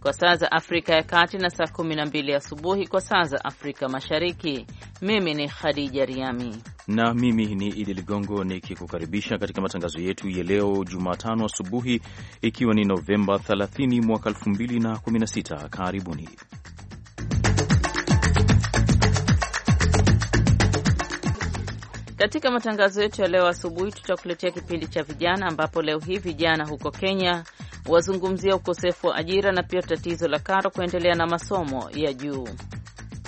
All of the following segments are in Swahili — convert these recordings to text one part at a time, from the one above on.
kwa saa za Afrika ya Kati na saa 12 asubuhi kwa saa za Afrika Mashariki. Mimi ni Khadija Riami na mimi ni Idi Ligongo nikikukaribisha katika matangazo yetu ya leo Jumatano asubuhi, ikiwa ni Novemba 30 mwaka 2016. Karibuni. Katika matangazo yetu ya leo asubuhi, tutakuletea kipindi cha vijana, ambapo leo hii vijana huko Kenya wazungumzia ukosefu wa ajira na pia tatizo la karo kuendelea na masomo ya juu.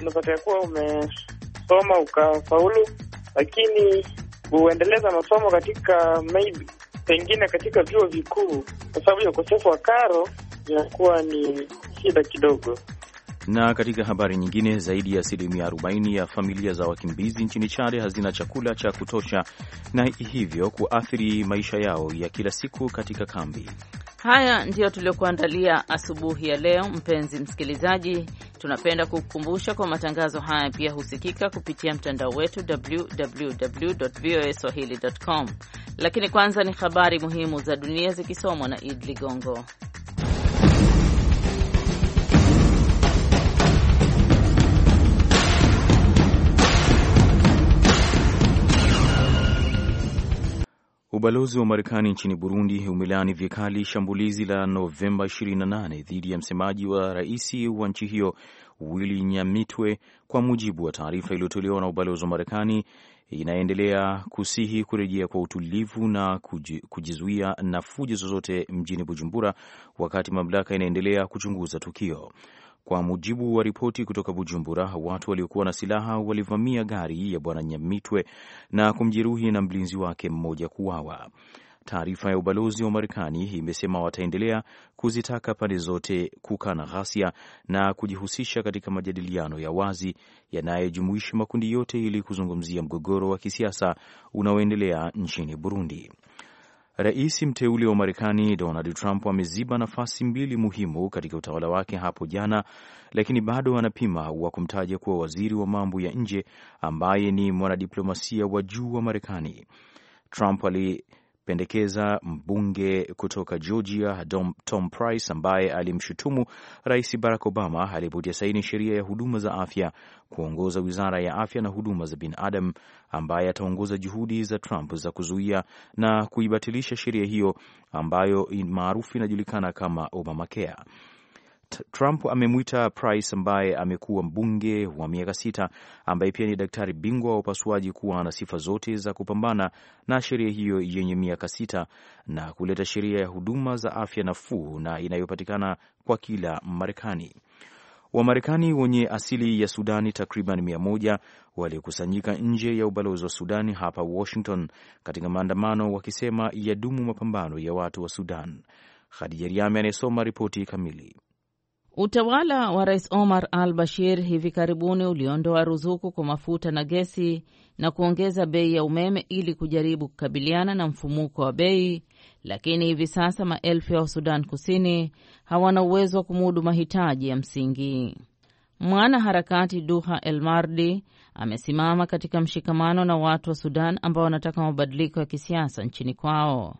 Unapata kuwa umesoma ukafaulu, lakini huendeleza masomo katika maybe, pengine katika vyuo vikuu, kwa sababu ya ukosefu wa karo inakuwa ni shida kidogo. Na katika habari nyingine, zaidi ya asilimia 40 ya familia za wakimbizi nchini Chad hazina chakula cha kutosha na hivyo kuathiri maisha yao ya kila siku katika kambi. Haya ndiyo tuliokuandalia asubuhi ya leo. Mpenzi msikilizaji, tunapenda kukukumbusha kwa matangazo haya pia husikika kupitia mtandao wetu www voa swahili com. Lakini kwanza ni habari muhimu za dunia zikisomwa na Id Ligongo. Ubalozi wa Marekani nchini Burundi umelaani vikali shambulizi la Novemba 28 dhidi ya msemaji wa rais wa nchi hiyo Willy Nyamitwe. Kwa mujibu wa taarifa iliyotolewa na ubalozi wa Marekani, inaendelea kusihi kurejea kwa utulivu na kujizuia na fujo zozote mjini Bujumbura, wakati mamlaka inaendelea kuchunguza tukio. Kwa mujibu wa ripoti kutoka Bujumbura, watu waliokuwa na silaha walivamia gari ya Bwana Nyamitwe na kumjeruhi na mlinzi wake mmoja kuwawa Taarifa ya ubalozi wa Marekani imesema wataendelea kuzitaka pande zote kukana ghasia na kujihusisha katika majadiliano ya wazi yanayojumuisha makundi yote ili kuzungumzia mgogoro wa kisiasa unaoendelea nchini Burundi. Rais mteule wa Marekani Donald Trump ameziba nafasi mbili muhimu katika utawala wake hapo jana, lakini bado anapima wa kumtaja kuwa waziri wa mambo ya nje ambaye ni mwanadiplomasia wa juu wa Marekani. Trump ali amempendekeza mbunge kutoka Georgia Dom, Tom Price ambaye alimshutumu Rais Barack Obama alipotia saini sheria ya huduma za afya kuongoza wizara ya afya na huduma za binadamu, ambaye ataongoza juhudi za Trump za kuzuia na kuibatilisha sheria hiyo ambayo maarufu inajulikana kama Obamacare. Trump amemwita Price ambaye amekuwa mbunge wa miaka sita ambaye pia ni daktari bingwa wa upasuaji kuwa na sifa zote za kupambana na sheria hiyo yenye miaka sita na kuleta sheria ya huduma za afya nafuu na inayopatikana kwa kila Marekani. Wamarekani wenye asili ya Sudani takriban mia moja waliokusanyika nje ya ubalozi wa Sudani hapa Washington katika maandamano wakisema yadumu mapambano ya watu wa Sudan. Khadija Riame anayesoma ripoti kamili. Utawala wa Rais Omar al Bashir hivi karibuni uliondoa ruzuku kwa mafuta na gesi na kuongeza bei ya umeme ili kujaribu kukabiliana na mfumuko wa bei, lakini hivi sasa maelfu ya wasudan Kusini hawana uwezo wa kumudu mahitaji ya msingi. Mwanaharakati Duha El Mardi amesimama katika mshikamano na watu wa Sudan ambao wanataka mabadiliko ya kisiasa nchini kwao.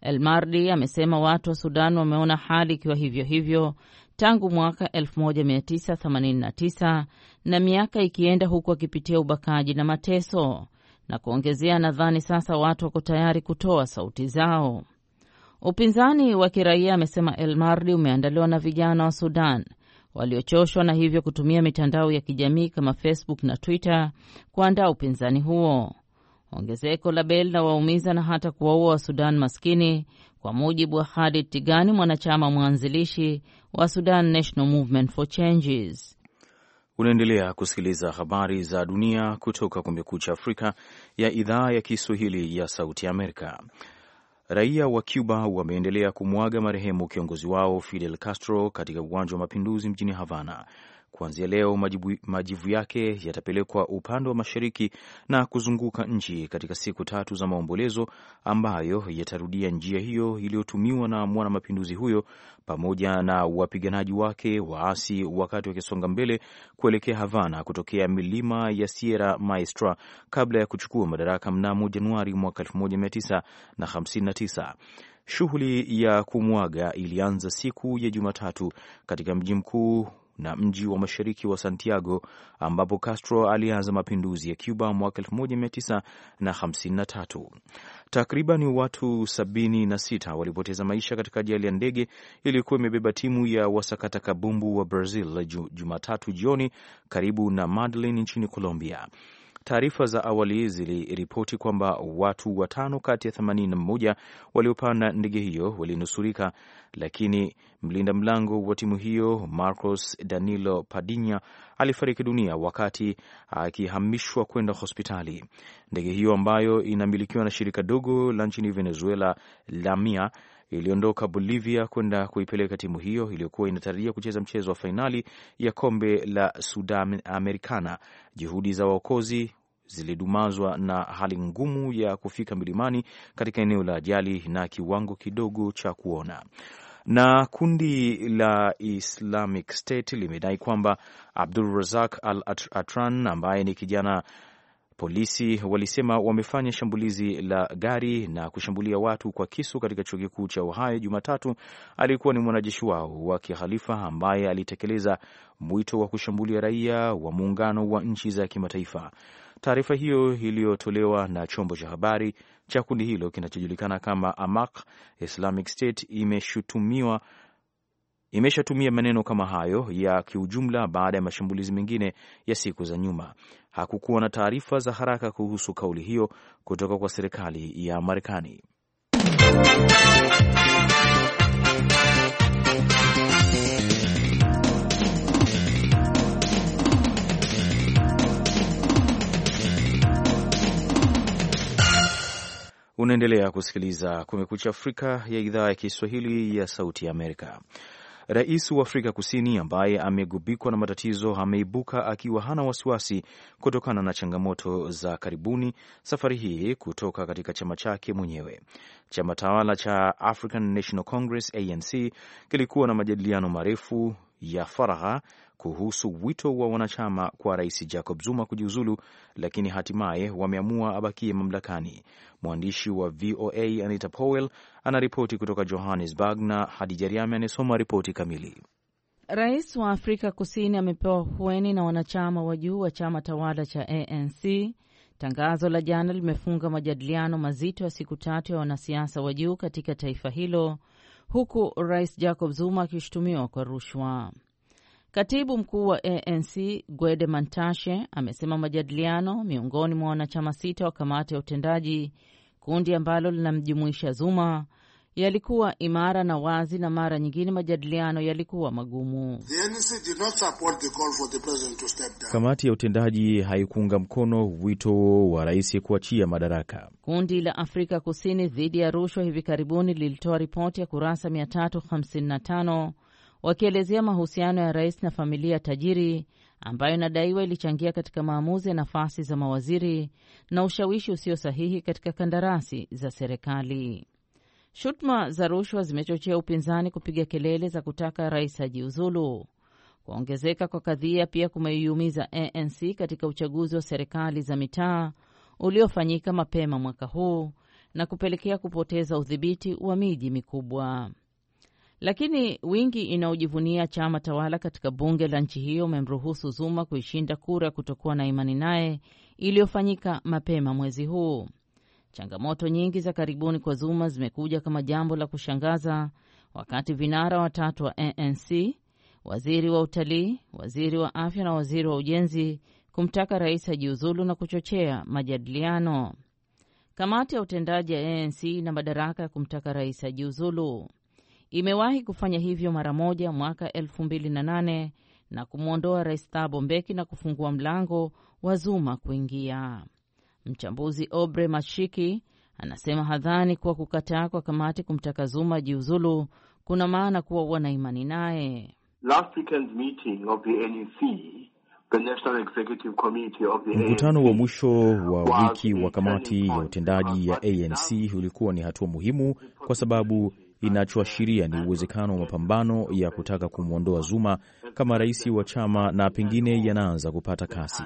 El Mardi amesema watu wa Sudan wameona hali ikiwa hivyo hivyo tangu mwaka 1989 na miaka ikienda, huku akipitia ubakaji na mateso, na kuongezea, nadhani sasa watu wako tayari kutoa sauti zao. Upinzani wa kiraia, amesema El Mardi, umeandaliwa na vijana wa Sudan waliochoshwa na hivyo kutumia mitandao ya kijamii kama Facebook na Twitter kuandaa upinzani huo. Ongezeko la bei linawaumiza na hata kuwaua Wasudan maskini kwa mujibu wa Khalid Tigani, mwanachama mwanzilishi wa Sudan National Movement for Changes. Unaendelea kusikiliza habari za dunia kutoka Kumekucha Afrika ya idhaa ya Kiswahili ya Sauti Amerika. Raia wa Cuba wameendelea kumwaga marehemu kiongozi wao Fidel Castro katika uwanja wa mapinduzi mjini Havana Kuanzia leo majibu, majivu yake yatapelekwa upande wa mashariki na kuzunguka nchi katika siku tatu za maombolezo ambayo yatarudia njia hiyo iliyotumiwa na mwanamapinduzi huyo pamoja na wapiganaji wake waasi wakati wakisonga mbele kuelekea Havana kutokea milima ya Sierra Maestra kabla ya kuchukua madaraka mnamo Januari mwaka 1959. Shughuli ya kumwaga ilianza siku ya Jumatatu katika mji mkuu na mji wa mashariki wa Santiago ambapo Castro alianza mapinduzi ya Cuba mwaka 1953. Takriban watu 76 walipoteza maisha katika ajali ya ndege iliyokuwa imebeba timu ya wasakata kabumbu wa Brazil Jumatatu jioni karibu na Medellin nchini Colombia. Taarifa za awali ziliripoti kwamba watu watano kati ya 81 waliopanda ndege hiyo walinusurika, lakini mlinda mlango wa timu hiyo Marcos Danilo Padinha alifariki dunia wakati akihamishwa kwenda hospitali. Ndege hiyo ambayo inamilikiwa na shirika dogo la nchini Venezuela la MIA iliondoka Bolivia kwenda kuipeleka timu hiyo iliyokuwa inatarajia kucheza mchezo wa fainali ya kombe la Sudamericana. Juhudi za waokozi zilidumazwa na hali ngumu ya kufika milimani katika eneo la ajali na kiwango kidogo cha kuona na kundi la Islamic State limedai kwamba Abdul Razak Al Atran ambaye ni kijana Polisi walisema wamefanya shambulizi la gari na kushambulia watu kwa kisu katika chuo kikuu cha Ohio Jumatatu. Alikuwa ni mwanajeshi wao wa kihalifa ambaye alitekeleza mwito wa kushambulia raia wa muungano wa nchi za kimataifa. Taarifa hiyo iliyotolewa na chombo cha habari cha kundi hilo kinachojulikana kama Amaq Islamic State imeshutumiwa imeshatumia maneno kama hayo ya kiujumla baada ya mashambulizi mengine ya siku za nyuma. Hakukuwa na taarifa za haraka kuhusu kauli hiyo kutoka kwa serikali ya Marekani. Unaendelea kusikiliza Kumekucha Afrika ya idhaa ya Kiswahili ya Sauti ya Amerika. Rais wa Afrika Kusini ambaye amegubikwa na matatizo ameibuka akiwa hana wasiwasi kutokana na changamoto za karibuni, safari hii kutoka katika chama chake mwenyewe. Chama tawala cha African National Congress ANC kilikuwa na majadiliano marefu ya faragha kuhusu wito wa wanachama kwa Rais Jacob Zuma kujiuzulu, lakini hatimaye wameamua abakie mamlakani. Mwandishi wa VOA Anita Powell anaripoti kutoka Johannesburg na Hadija Riame anayesoma ripoti kamili. Rais wa Afrika Kusini amepewa hueni na wanachama wa juu wa chama tawala cha ANC. Tangazo la jana limefunga majadiliano mazito ya siku tatu ya wanasiasa wa juu katika taifa hilo huku rais Jacob Zuma akishutumiwa kwa rushwa. Katibu mkuu wa ANC Gwede Mantashe amesema majadiliano miongoni mwa wanachama sita wa kamati ya utendaji, kundi ambalo linamjumuisha Zuma, yalikuwa imara na wazi, na mara nyingine majadiliano yalikuwa magumu. Kamati ya utendaji haikuunga mkono wito wa rais kuachia madaraka. Kundi la Afrika Kusini dhidi ya rushwa hivi karibuni lilitoa ripoti ya kurasa 355 wakielezea mahusiano ya rais na familia tajiri ambayo inadaiwa ilichangia katika maamuzi ya nafasi za mawaziri na ushawishi usio sahihi katika kandarasi za serikali. Shutuma za rushwa zimechochea upinzani kupiga kelele za kutaka rais ajiuzulu. Kuongezeka kwa kadhia pia kumeiumiza ANC katika uchaguzi wa serikali za mitaa uliofanyika mapema mwaka huu na kupelekea kupoteza udhibiti wa miji mikubwa. Lakini wingi inaojivunia chama tawala katika bunge la nchi hiyo umemruhusu Zuma kuishinda kura ya kutokuwa na imani naye iliyofanyika mapema mwezi huu. Changamoto nyingi za karibuni kwa Zuma zimekuja kama jambo la kushangaza, wakati vinara watatu wa ANC, waziri wa utalii, waziri wa afya na waziri wa ujenzi, kumtaka rais ajiuzulu na kuchochea majadiliano. Kamati ya utendaji ya ANC ina madaraka ya kumtaka rais ajiuzulu. Imewahi kufanya hivyo mara moja mwaka 2008 na kumwondoa rais Thabo Mbeki na kufungua mlango wa Zuma kuingia. Mchambuzi Obre Mashiki anasema hadhani kuwa kukataa kwa kamati kumtaka Zuma jiuzulu kuna maana kuwa wanaimani naye. E Mkutano wa mwisho wa wiki wa kamati ya utendaji ya ANC ulikuwa ni hatua muhimu kwa sababu inachoashiria ni uwezekano wa mapambano ya kutaka kumwondoa Zuma kama rais wa chama na pengine yanaanza kupata kasi.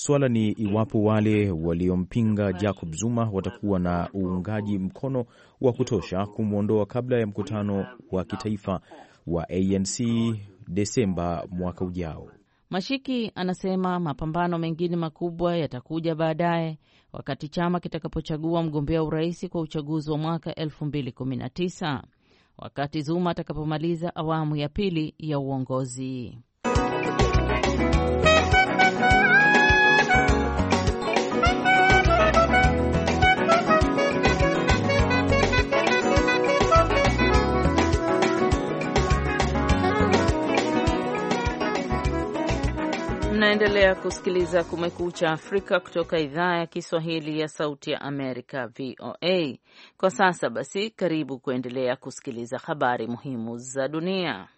Swala ni iwapo wale waliompinga Jacob Zuma watakuwa na uungaji mkono wa kutosha kumwondoa kabla ya mkutano wa kitaifa wa ANC Desemba mwaka ujao. Mashiki anasema mapambano mengine makubwa yatakuja baadaye wakati chama kitakapochagua mgombea urais kwa uchaguzi wa mwaka 2019 wakati Zuma atakapomaliza awamu ya pili ya uongozi. Mnaendelea kusikiliza Kumekucha Afrika kutoka idhaa ya Kiswahili ya Sauti ya Amerika, VOA. Kwa sasa basi, karibu kuendelea kusikiliza habari muhimu za dunia.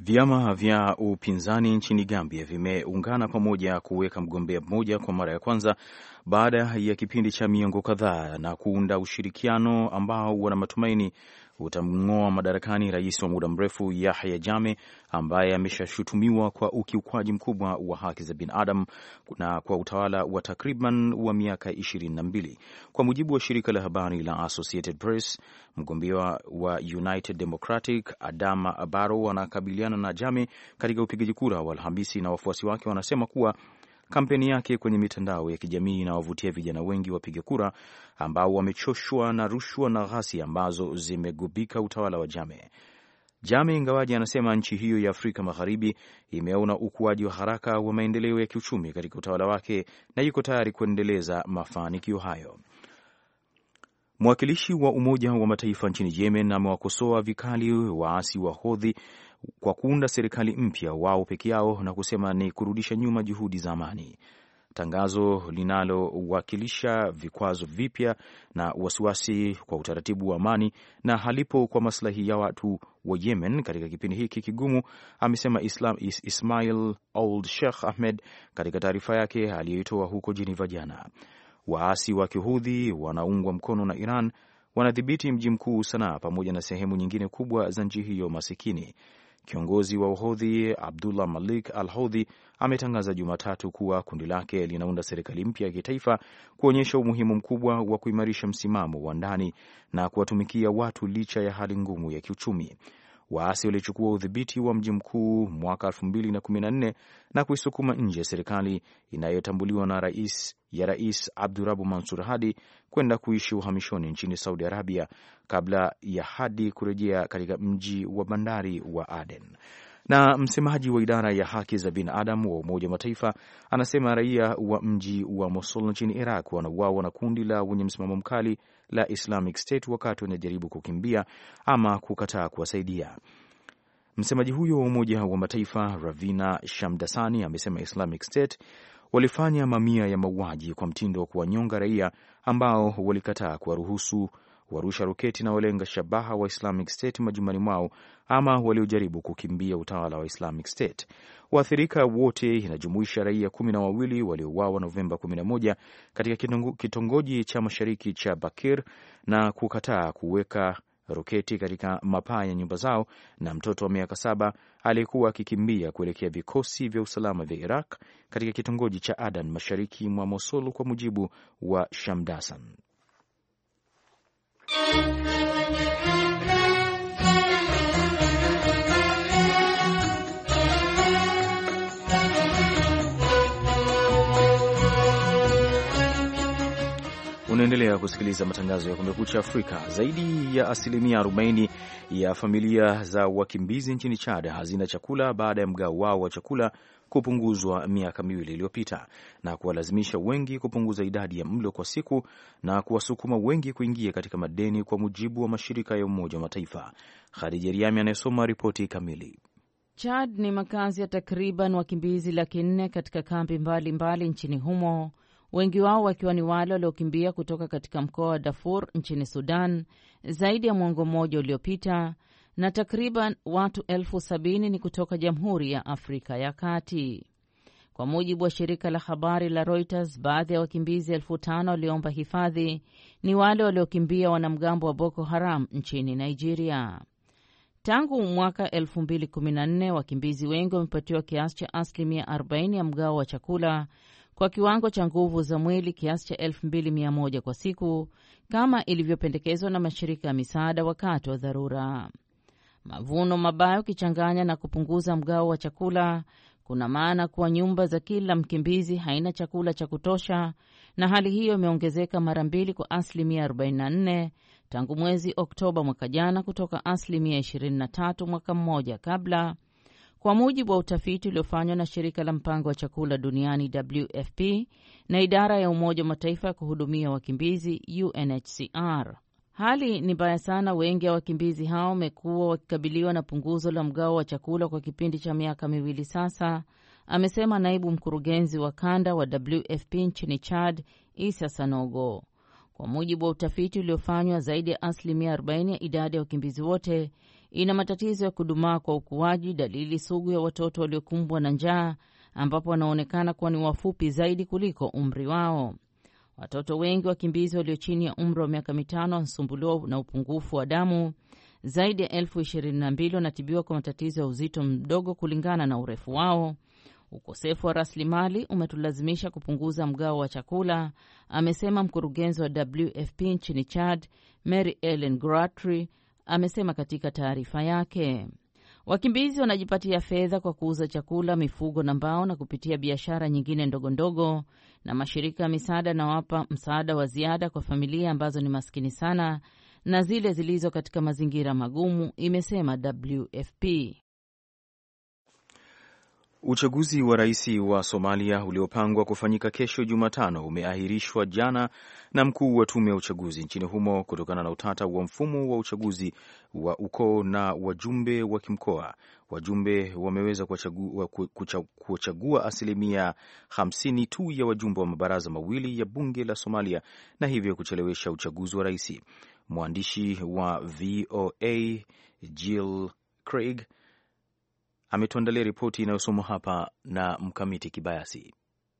Vyama vya upinzani nchini Gambia vimeungana pamoja kuweka mgombea mmoja kwa mara ya kwanza baada ya kipindi cha miongo kadhaa na kuunda ushirikiano ambao wana matumaini utamng'oa madarakani rais wa muda mrefu Yahya jame ambaye ameshashutumiwa kwa ukiukwaji mkubwa wa haki za binadamu na kwa utawala wa takriban wa miaka ishirini na mbili. Kwa mujibu wa shirika la habari la Associated Press, mgombea wa United Democratic Adama Barrow anakabiliana na jame katika upigaji kura wa Alhamisi, na wafuasi wake wanasema kuwa kampeni yake kwenye mitandao ya kijamii inawavutia vijana wengi wapiga kura ambao wamechoshwa na rushwa na ghasia ambazo zimegubika utawala wa Jame. Jame ingawaji anasema nchi hiyo ya Afrika Magharibi imeona ukuaji wa haraka wa maendeleo ya kiuchumi katika utawala wake na yuko tayari kuendeleza mafanikio hayo. Mwakilishi wa Umoja wa Mataifa nchini Yemen amewakosoa vikali waasi wa Hodhi kwa kuunda serikali mpya wao peke yao na kusema ni kurudisha nyuma juhudi za amani, tangazo linalowakilisha vikwazo vipya na wasiwasi kwa utaratibu wa amani na halipo kwa maslahi ya watu wa Yemen katika kipindi hiki kigumu, amesema Islam, Is, Ismail Old Sheikh Ahmed katika taarifa yake aliyoitoa huko Jeneva jana. Waasi wa kihudhi wanaungwa mkono na Iran wanadhibiti mji mkuu Sanaa pamoja na sehemu nyingine kubwa za nchi hiyo masikini. Kiongozi wa uhodhi Abdullah Malik al Hodhi ametangaza Jumatatu kuwa kundi lake linaunda serikali mpya ya kitaifa kuonyesha umuhimu mkubwa wa kuimarisha msimamo wa ndani na kuwatumikia watu licha ya hali ngumu ya kiuchumi. Waasi walichukua udhibiti wa mji mkuu mwaka 2014 na kuisukuma nje ya serikali inayotambuliwa na rais ya Rais Abdurabu Mansur Hadi kwenda kuishi uhamishoni nchini Saudi Arabia kabla ya Hadi kurejea katika mji wa bandari wa Aden. Na msemaji wa idara ya haki za binadamu wa Umoja wa Mataifa anasema raia wa mji wa Mosul nchini Iraq wanauawa na kundi la wenye msimamo mkali la Islamic State wakati wanajaribu kukimbia ama kukataa kuwasaidia. Msemaji huyo wa Umoja wa Mataifa Ravina Shamdasani amesema Islamic State walifanya mamia ya mauaji kwa mtindo wa kuwanyonga raia ambao walikataa kuwaruhusu warusha roketi na walenga shabaha wa Islamic State majumbani mwao ama waliojaribu kukimbia utawala wa Islamic State. Waathirika wote inajumuisha raia kumi na wawili waliouawa Novemba 11 katika kitongoji cha mashariki cha Bakir na kukataa kuweka roketi katika mapaa ya nyumba zao, na mtoto wa miaka saba aliyekuwa akikimbia kuelekea vikosi vya usalama vya Iraq katika kitongoji cha Adan mashariki mwa Mosul, kwa mujibu wa Shamdasan. Unaendelea kusikiliza matangazo ya Kumekucha Afrika. Zaidi ya asilimia 40 ya familia za wakimbizi nchini Chad hazina chakula baada ya mgao wao wa chakula kupunguzwa miaka miwili iliyopita na kuwalazimisha wengi kupunguza idadi ya mlo kwa siku na kuwasukuma wengi kuingia katika madeni, kwa mujibu wa mashirika ya Umoja wa Mataifa. Khadija Riami anayesoma ripoti kamili. Chad ni makazi ya takriban wakimbizi laki nne katika kambi mbalimbali mbali nchini humo wengi wao wakiwa ni wale waliokimbia kutoka katika mkoa wa Darfur nchini Sudan zaidi ya mwongo mmoja uliopita, na takriban watu elfu sabini ni kutoka Jamhuri ya Afrika ya Kati. Kwa mujibu wa shirika la habari la Reuters, baadhi ya wakimbizi elfu tano walioomba hifadhi ni wale waliokimbia wanamgambo wa Boko Haram nchini Nigeria. Tangu mwaka 2014 wakimbizi wengi wamepatiwa kiasi cha asilimia 40 ya mgao wa chakula kwa kiwango cha nguvu za mwili kiasi cha 2100 kwa siku kama ilivyopendekezwa na mashirika ya misaada wakati wa dharura. Mavuno mabaya ukichanganya na kupunguza mgao wa chakula kuna maana kuwa nyumba za kila mkimbizi haina chakula cha kutosha, na hali hiyo imeongezeka mara mbili kwa asilimia 44 tangu mwezi Oktoba mwaka jana kutoka asilimia 23 mwaka mmoja kabla, kwa mujibu wa utafiti uliofanywa na shirika la mpango wa chakula duniani WFP na idara ya Umoja wa Mataifa ya kuhudumia wakimbizi UNHCR, hali ni mbaya sana. Wengi wa wakimbizi hao wamekuwa wakikabiliwa na punguzo la mgao wa chakula kwa kipindi cha miaka miwili sasa, amesema naibu mkurugenzi wa kanda wa WFP nchini Chad, Isa Sanogo. Kwa mujibu wa utafiti uliofanywa, zaidi ya asilimia 40 ya idadi ya wakimbizi wote ina matatizo ya kudumaa kwa ukuaji, dalili sugu ya watoto waliokumbwa na njaa, ambapo wanaonekana kuwa ni wafupi zaidi kuliko umri wao. Watoto wengi wakimbizi walio chini ya umri wa miaka mitano wanasumbuliwa na upungufu wa damu. Zaidi ya elfu ishirini na mbili wanatibiwa kwa matatizo ya uzito mdogo kulingana na urefu wao. Ukosefu wa rasilimali umetulazimisha kupunguza mgao wa chakula, amesema mkurugenzi wa WFP nchini Chad, Mary Ellen Gratry, amesema katika taarifa yake. Wakimbizi wanajipatia fedha kwa kuuza chakula, mifugo na mbao na kupitia biashara nyingine ndogo ndogo, na mashirika ya misaada yanawapa msaada wa ziada kwa familia ambazo ni maskini sana na zile zilizo katika mazingira magumu, imesema WFP. Uchaguzi wa rais wa Somalia uliopangwa kufanyika kesho Jumatano umeahirishwa jana na mkuu wa tume ya uchaguzi nchini humo kutokana na utata wa mfumo wa uchaguzi wa ukoo na wajumbe wa kimkoa. Wajumbe wameweza kuchagua, asilimia 50 tu ya wajumbe wa mabaraza mawili ya bunge la Somalia na hivyo kuchelewesha uchaguzi wa rais. Mwandishi wa VOA Jill Craig ametuandalia ripoti inayosomwa hapa na Mkamiti Kibayasi.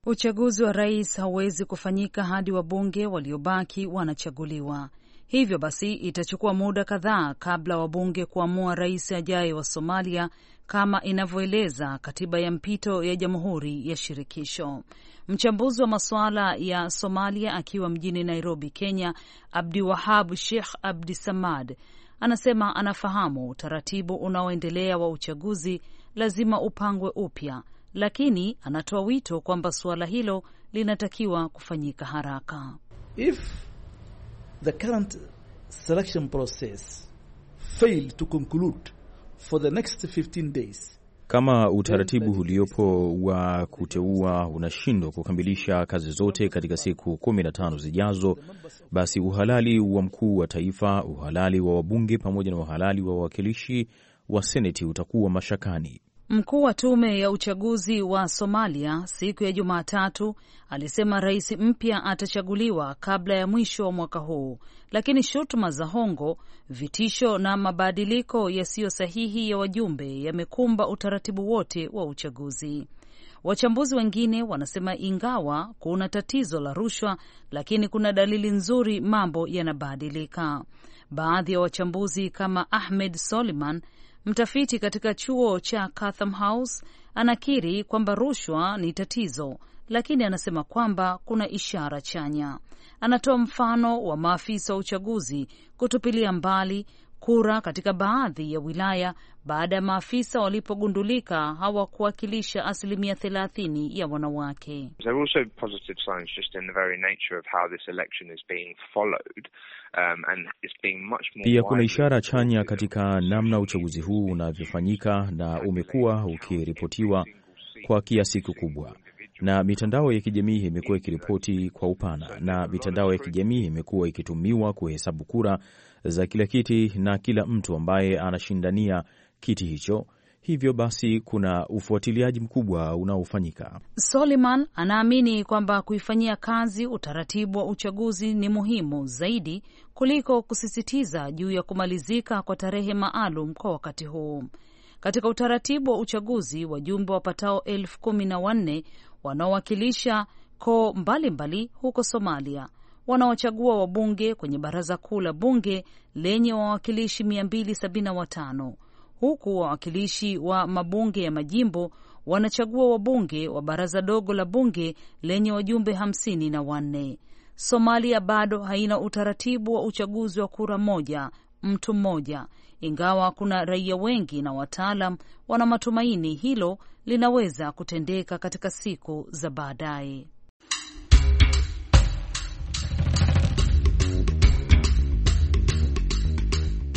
Uchaguzi wa rais hauwezi kufanyika hadi wabunge waliobaki wanachaguliwa. Hivyo basi itachukua muda kadhaa kabla wabunge kuamua rais ajaye wa Somalia, kama inavyoeleza katiba ya mpito ya jamhuri ya shirikisho. Mchambuzi wa masuala ya Somalia akiwa mjini Nairobi, Kenya, wahab Sheikh abdi samad anasema anafahamu utaratibu unaoendelea wa uchaguzi lazima upangwe upya, lakini anatoa wito kwamba suala hilo linatakiwa kufanyika haraka. If the current selection process to conclude for the next 15 days kama utaratibu uliopo wa kuteua unashindwa kukamilisha kazi zote katika siku 15 zijazo, basi uhalali wa mkuu wa taifa, uhalali wa wabunge pamoja na uhalali wa wawakilishi wa seneti utakuwa mashakani. Mkuu wa tume ya uchaguzi wa Somalia siku ya Jumatatu alisema rais mpya atachaguliwa kabla ya mwisho wa mwaka huu, lakini shutuma za hongo, vitisho na mabadiliko yasiyo sahihi ya wajumbe yamekumba utaratibu wote wa uchaguzi. Wachambuzi wengine wanasema ingawa kuna tatizo la rushwa, lakini kuna dalili nzuri mambo yanabadilika. Baadhi ya wachambuzi kama Ahmed Soliman Mtafiti katika chuo cha Chatham House anakiri kwamba rushwa ni tatizo, lakini anasema kwamba kuna ishara chanya. Anatoa mfano wa maafisa wa uchaguzi kutupilia mbali kura katika baadhi ya wilaya baada ya maafisa walipogundulika hawakuwakilisha asilimia thelathini ya wanawake. Um, Pia kuna ishara chanya katika namna uchaguzi huu unavyofanyika na umekuwa ukiripotiwa kwa kiasi kikubwa na mitandao ya kijamii imekuwa ikiripoti kwa upana, na mitandao ya kijamii imekuwa ikitumiwa kuhesabu kura za kila kiti na kila mtu ambaye anashindania kiti hicho. Hivyo basi kuna ufuatiliaji mkubwa unaofanyika. Soliman anaamini kwamba kuifanyia kazi utaratibu wa uchaguzi ni muhimu zaidi kuliko kusisitiza juu ya kumalizika kwa tarehe maalum kwa wakati huu. Katika utaratibu wa uchaguzi, wajumbe wapatao elfu kumi na wanne wanaowakilisha koo mbalimbali huko Somalia wanaochagua wabunge kwenye baraza kuu la bunge lenye wawakilishi 275 huku wawakilishi wa mabunge ya majimbo wanachagua wabunge wa baraza dogo la bunge lenye wajumbe hamsini na wanne. Somalia bado haina utaratibu wa uchaguzi wa kura moja mtu mmoja, ingawa kuna raia wengi na wataalam wana matumaini hilo linaweza kutendeka katika siku za baadaye.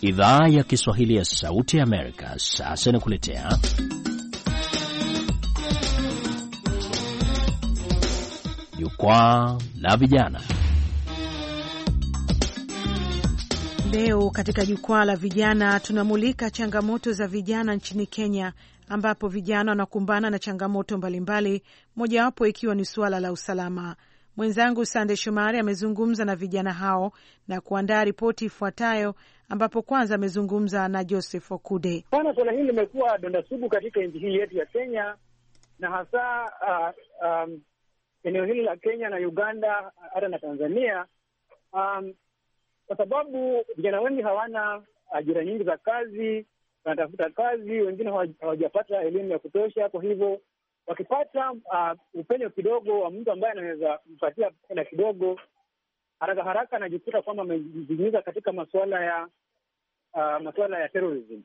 Idhaa ya Kiswahili ya Sauti ya Amerika sasa inakuletea Jukwaa la Vijana. Leo katika Jukwaa la Vijana tunamulika changamoto za vijana nchini Kenya, ambapo vijana wanakumbana na changamoto mbalimbali, mojawapo ikiwa ni suala la usalama. Mwenzangu Sande Shomari amezungumza na vijana hao na kuandaa ripoti ifuatayo, ambapo kwanza amezungumza na Joseph Okude. Pana suala hili limekuwa donda sugu katika nchi hii yetu ya Kenya na hasa uh, um, eneo hili la Kenya na Uganda hata na Tanzania um, kwa sababu vijana wengi hawana ajira nyingi za kazi, wanatafuta kazi, wengine hawajapata elimu ya kutosha, kwa hivyo wakipata uh, upenyo kidogo wa mtu ambaye anaweza mpatia hela kidogo, haraka haraka anajikuta kwamba amejiingiza katika masuala ya uh, masuala ya terrorism.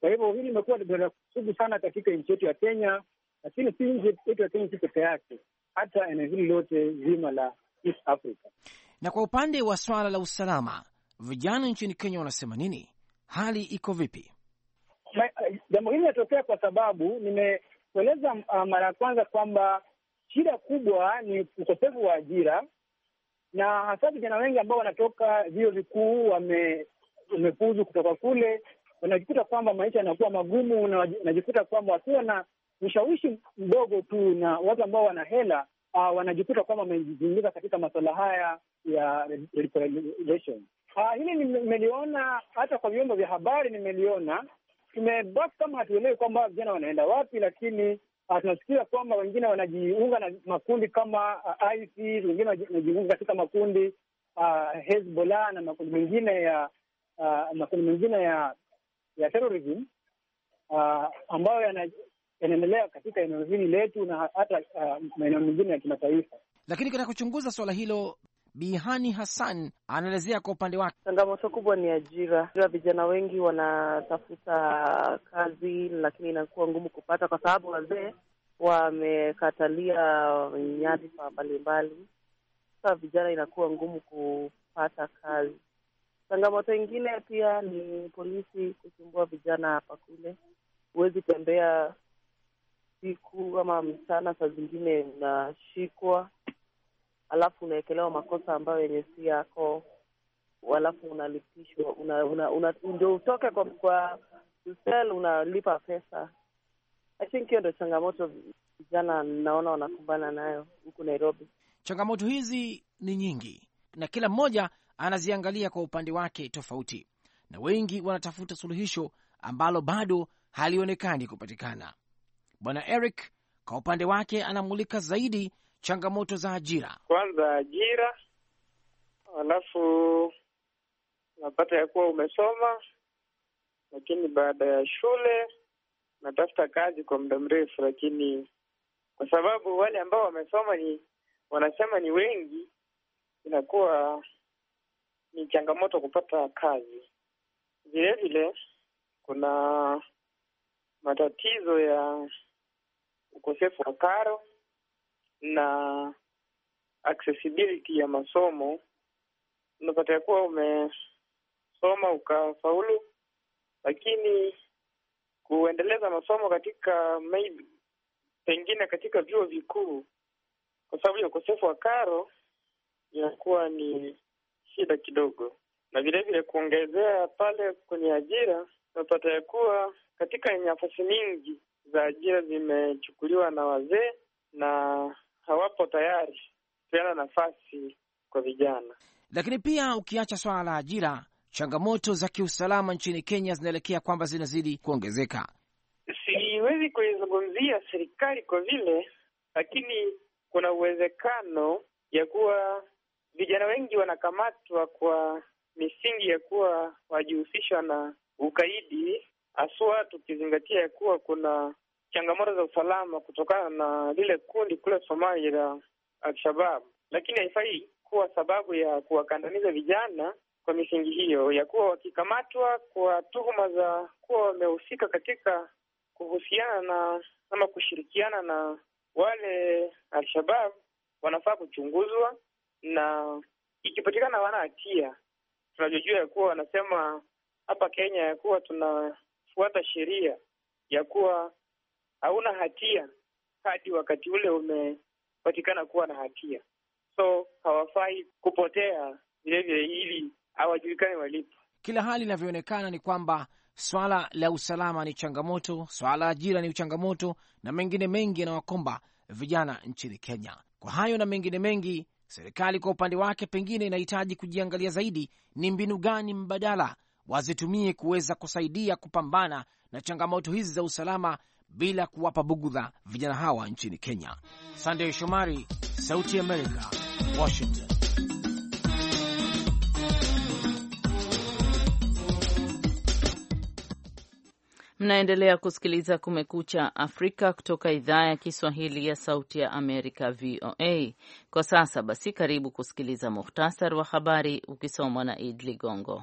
Kwa hivyo hili limekuwa dola sugu sana katika nchi yetu ya Kenya, lakini si nchi yetu ya Kenya si peke yake, hata eneo hili lote zima la East Africa. Na kwa upande wa swala la usalama, vijana nchini Kenya wanasema nini? Hali iko vipi? Eh, jambo hili linatokea kwa sababu nime kueleza uh, mara ya kwanza kwamba shida kubwa ni ukosefu wa ajira, na hasa vijana wengi ambao wanatoka vio vikuu wame, wamefuzu kutoka kule wanajikuta kwamba maisha yanakuwa magumu, na wanajikuta kwamba wakiwa na ushawishi mdogo tu na watu ambao wana hela uh, wanajikuta kwamba wamejiingiza katika masuala haya ya hili nimeliona hata kwa vyombo vya habari nimeliona tumebaki kama hatuelewi kwamba vijana wanaenda wapi, lakini ah, tunasikia kwamba wengine wanajiunga na makundi kama uh, ah, ISIS, wengine wanajiunga katika makundi uh, Hezbollah na makundi mengine ya uh, makundi mengine ya ya terrorism uh, ambayo yanaendelea katika eneo hili letu na hata uh, maeneo mengine ya kimataifa. Lakini katika kuchunguza suala hilo, Bihani Hassan anaelezea kwa upande wake. Changamoto kubwa ni ajira. Vijana wengi wanatafuta kazi, lakini inakuwa ngumu kupata kwa sababu wazee wamekatalia nyadhifa mbalimbali. Sasa vijana inakuwa ngumu kupata kazi. Changamoto ingine pia ni polisi kusumbua vijana hapa kule. Huwezi tembea siku ama mchana, saa zingine unashikwa alafu unawekelewa makosa ambayo yenye si yako, alafu unalipishwa una, una, una, ndio utoke kwa, kwa sel unalipa pesa. I think hiyo ndio changamoto vijana naona wanakumbana nayo huku Nairobi. Changamoto hizi ni nyingi na kila mmoja anaziangalia kwa upande wake tofauti, na wengi wanatafuta suluhisho ambalo bado halionekani kupatikana. Bwana Eric kwa upande wake anamulika zaidi changamoto za ajira? Kwanza ajira, alafu napata ya kuwa umesoma, lakini baada ya shule unatafuta kazi kwa muda mrefu, lakini kwa sababu wale ambao wamesoma ni wanasema ni wengi, inakuwa ni changamoto kupata kazi. vilevile vile kuna matatizo ya ukosefu wa karo na accessibility ya masomo. Unapata ya kuwa umesoma ukafaulu, lakini kuendeleza masomo katika maybe, pengine katika vyuo vikuu kwa sababu ya ukosefu wa karo inakuwa ni shida kidogo, na vilevile kuongezea pale kwenye ajira, unapata ya kuwa katika nafasi nyingi za ajira zimechukuliwa na wazee na hawapo tayari kupeana nafasi kwa vijana. Lakini pia ukiacha swala la ajira, changamoto za kiusalama nchini Kenya zinaelekea kwamba zinazidi kuongezeka. Siwezi kuizungumzia serikali kwa vile, lakini kuna uwezekano ya kuwa vijana wengi wanakamatwa kwa misingi ya kuwa wajihusishwa na ukaidi, haswa tukizingatia ya kuwa kuna changamoto za usalama kutokana na lile kundi kule Somalia la Al-Shabab, lakini haifai kuwa sababu ya kuwakandamiza vijana kwa misingi hiyo ya kuwa wakikamatwa kwa tuhuma za kuwa wamehusika katika kuhusiana na ama kushirikiana na wale Al-Shabab, wanafaa kuchunguzwa na ikipatikana wana hatia, tunajojua ya kuwa wanasema hapa Kenya ya kuwa tunafuata sheria ya kuwa hauna hatia hadi wakati ule umepatikana kuwa na hatia, so hawafai kupotea vilevile, ili hawajulikane walipo. Kila hali inavyoonekana ni kwamba swala la usalama ni changamoto, swala la ajira ni changamoto, na mengine mengi yanawakomba vijana nchini Kenya. Kwa hayo na mengine mengi, serikali kwa upande wake pengine inahitaji kujiangalia zaidi ni mbinu gani mbadala wazitumie kuweza kusaidia kupambana na changamoto hizi za usalama bila kuwapa bugudha vijana hawa nchini Kenya. Sandey Shomari, Sauti America, Washington. Mnaendelea kusikiliza Kumekucha Afrika kutoka idhaa ya Kiswahili ya Sauti ya Amerika, VOA. Kwa sasa basi, karibu kusikiliza muhtasari wa habari ukisomwa na Id Ligongo.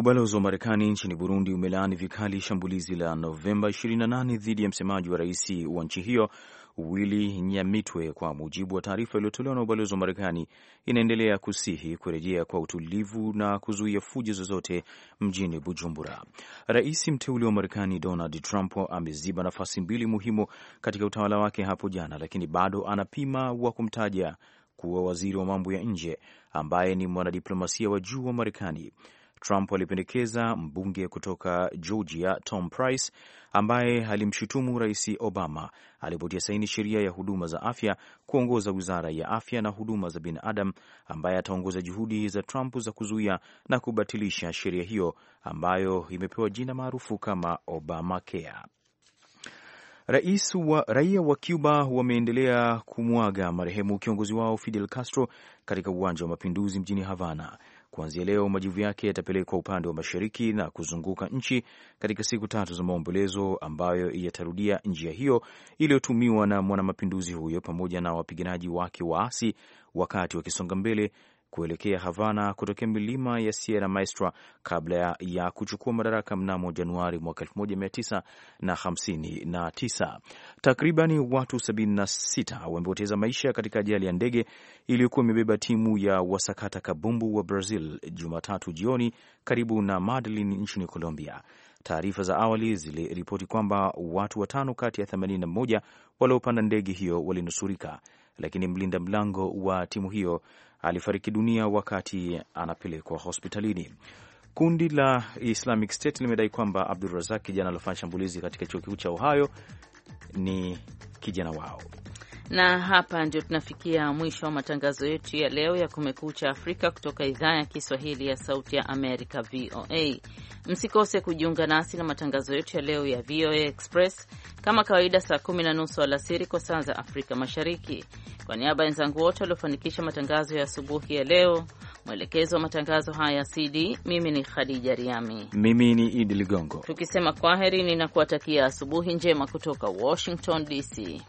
Ubalozi wa Marekani nchini Burundi umelaani vikali shambulizi la Novemba 28 dhidi ya msemaji wa rais wa nchi hiyo Willy Nyamitwe. Kwa mujibu wa taarifa iliyotolewa na ubalozi wa Marekani, inaendelea kusihi kurejea kwa utulivu na kuzuia fujo zozote mjini Bujumbura. Rais mteule wa Marekani Donald Trump ameziba nafasi mbili muhimu katika utawala wake hapo jana, lakini bado anapima wa kumtaja kuwa waziri wa mambo ya nje ambaye ni mwanadiplomasia wa juu wa Marekani. Trump alipendekeza mbunge kutoka Georgia Tom Price, ambaye alimshutumu Rais Obama alipotia saini sheria ya huduma za afya, kuongoza wizara ya afya na huduma za binadamu, ambaye ataongoza juhudi za Trump za kuzuia na kubatilisha sheria hiyo ambayo imepewa jina maarufu kama Obamacare. Rais wa, raia wa Cuba wameendelea kumwaga marehemu kiongozi wao Fidel Castro katika uwanja wa mapinduzi mjini Havana Kuanzia leo majivu yake yatapelekwa upande wa mashariki na kuzunguka nchi katika siku tatu za maombolezo ambayo yatarudia njia hiyo iliyotumiwa na mwanamapinduzi huyo pamoja na wapiganaji wake waasi wakati wakisonga mbele kuelekea Havana kutokea milima ya Sierra Maestra kabla ya kuchukua madaraka mnamo Januari mwaka 1959. Takribani watu 76 wamepoteza maisha katika ajali ya ndege iliyokuwa imebeba timu ya wasakata kabumbu wa Brazil Jumatatu jioni karibu na Medellin nchini Colombia. Taarifa za awali ziliripoti kwamba watu watano kati ya 81 waliopanda ndege hiyo walinusurika lakini mlinda mlango wa timu hiyo alifariki dunia wakati anapelekwa hospitalini. Kundi la Islamic State limedai kwamba Abdul Razak, kijana aliofanya shambulizi katika chuo kikuu cha Ohio, ni kijana wao. Na hapa ndio tunafikia mwisho wa matangazo yetu ya leo ya Kumekucha Afrika kutoka idhaa ya Kiswahili ya Sauti ya Amerika, VOA. Msikose kujiunga nasi na matangazo yetu ya leo ya VOA Express kama kawaida, saa kumi na nusu alasiri kwa saa za Afrika Mashariki. Kwa niaba ya wenzangu wote waliofanikisha matangazo ya asubuhi ya leo, mwelekezo wa matangazo haya CD, mimi ni Khadija Riami, mimi ni Idi Ligongo, tukisema kwaheri, ninakuwatakia asubuhi njema kutoka Washington DC.